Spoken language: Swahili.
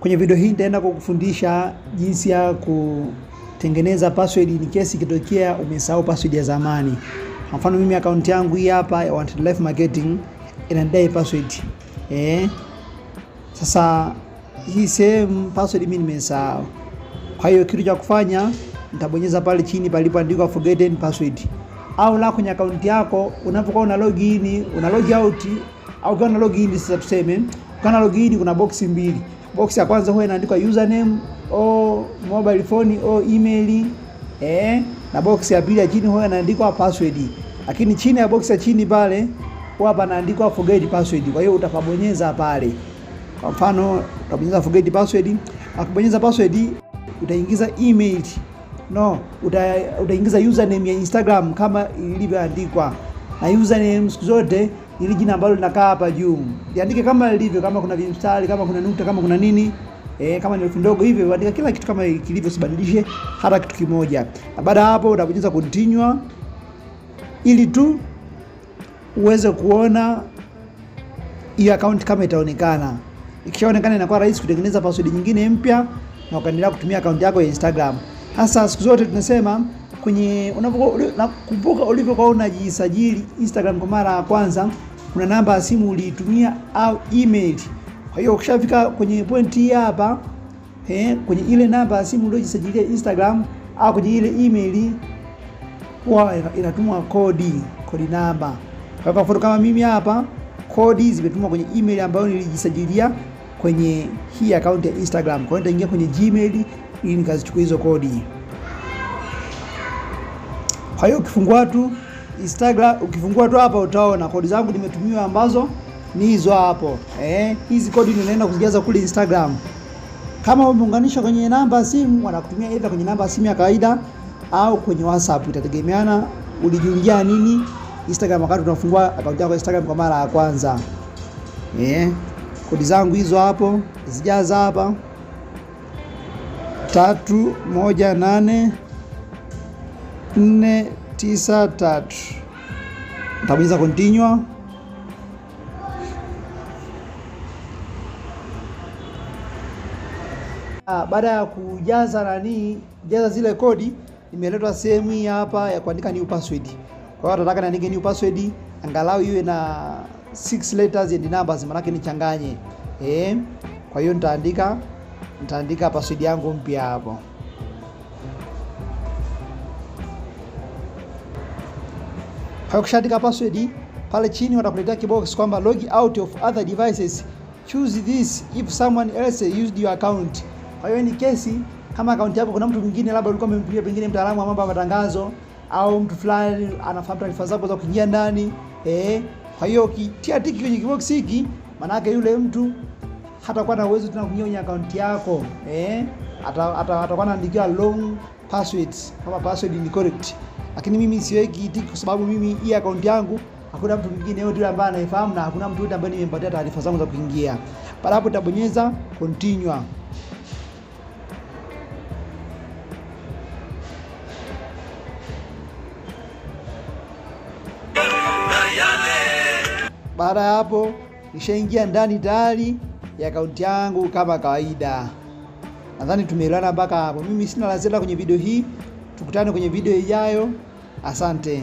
Kwenye video hii nitaenda kukufundisha jinsi ya kutengeneza password in case ikitokea umesahau password ya zamani. Kwa mfano mimi account yangu hii hapa ya Wanted Life Marketing inadai password. Eh? Sasa hii same password mimi nimesahau. Kwa hiyo kitu cha kufanya nitabonyeza pale chini palipoandikwa forgotten password. Au la kwenye account yako unapokuwa una login, una log out au ukiwa una login sasa tuseme Kana login kuna boksi mbili. Boksi ya kwanza huwa inaandikwa username au mobile phone au email eh, na box ya pili chini huwa inaandikwa password. Lakini chini ya box ya chini pale huwa panaandikwa forget password. Kwa hiyo utapabonyeza pale. Kwa mfano utabonyeza forget password. Akibonyeza password utaingiza email no, uta, utaingiza username ya Instagram kama ilivyoandikwa, na username siku zote ili jina ambalo linakaa hapa juu liandike kama ilivyo, kama kuna vimstari, kama kuna nukta, kama kuna nini E, kama ni herufi ndogo hivyo andika kila kitu kama kilivyo, sibadilishe hata kitu kimoja. Na Baada hapo utabonyeza continue ili tu uweze kuona hiyo account kama itaonekana. Ikishaonekana inakuwa rahisi kutengeneza password nyingine mpya na ukaendelea kutumia account yako ya Instagram. Hasa siku zote tunasema kwenye unapokumbuka ulivyokuwa unajisajili Instagram kwa mara ya kwanza kuna namba ya simu uliitumia au email. Kwa hiyo ukishafika kwenye point hii hapa eh, kwenye ile namba ya simu uliojisajilia Instagram au kwenye ile email huwa inatumwa kodi, kodi namba. Kwa mfano kama mimi hapa kodi zimetumwa kwenye email ambayo nilijisajilia kwenye hii account ya Instagram. Kwa hiyo nitaingia kwenye Gmail ili nikazichukua hizo kodi. Kwa hiyo ukifungua tu Instagram ukifungua tu hapa utaona kodi zangu nimetumiwa ambazo ni hizo hapo. Eh, hizi kodi unaenda kuzijaza kule Instagram. Kama umeunganisha kwenye namba simu, wanakutumia aidha kwenye namba simu ya kawaida au kwenye WhatsApp, itategemeana ulijiungia nini Instagram wakati unafungua akaunti yako Instagram kwa mara ya kwanza. Eh, kodi zangu hizo hapo, zijaza hapa tatu moja nane nne tisa tatu. Tabonyeza continue. Ah, baada ya kujaza nani, kujaza zile kodi, imeletwa sehemu hii hapa ya kuandika new password. Kwa hiyo tunataka niandike new password angalau iwe na six letters and numbers, maanake nichanganye eh. Kwa hiyo nitaandika nitaandika password yangu mpya hapo. hiyo kisha andika password pale chini, watakuletea kibox kwamba log out of other devices, choose this if someone else used your account. Kwa hiyo ni kesi kama account yako kuna mtu mwingine labda ulikuwa umempigia pengine mtaalamu wa mambo ya matangazo au mtu fulani anafahamu taarifa zako za kuingia ndani eh. Kwa hiyo ukitia tiki kwenye kibox hiki, maana yake yule mtu hatakuwa na uwezo tena kunyonya account yako eh, atakuwa anaandikia long passwords kama password ni correct lakini mimi siweki tiki kwa sababu mimi hii akaunti yangu hakuna mtu mwingine yote ambaye anaifahamu na hakuna mtu yote ambaye nimempatia taarifa zangu za kuingia. Baada hapo tabonyeza continue. Baada ya hapo nishaingia ndani tayari ya akaunti yangu kama kawaida. Nadhani tumeelewana mpaka hapo. Mimi sina la ziada kwenye video hii, tukutane kwenye video ijayo. Asante.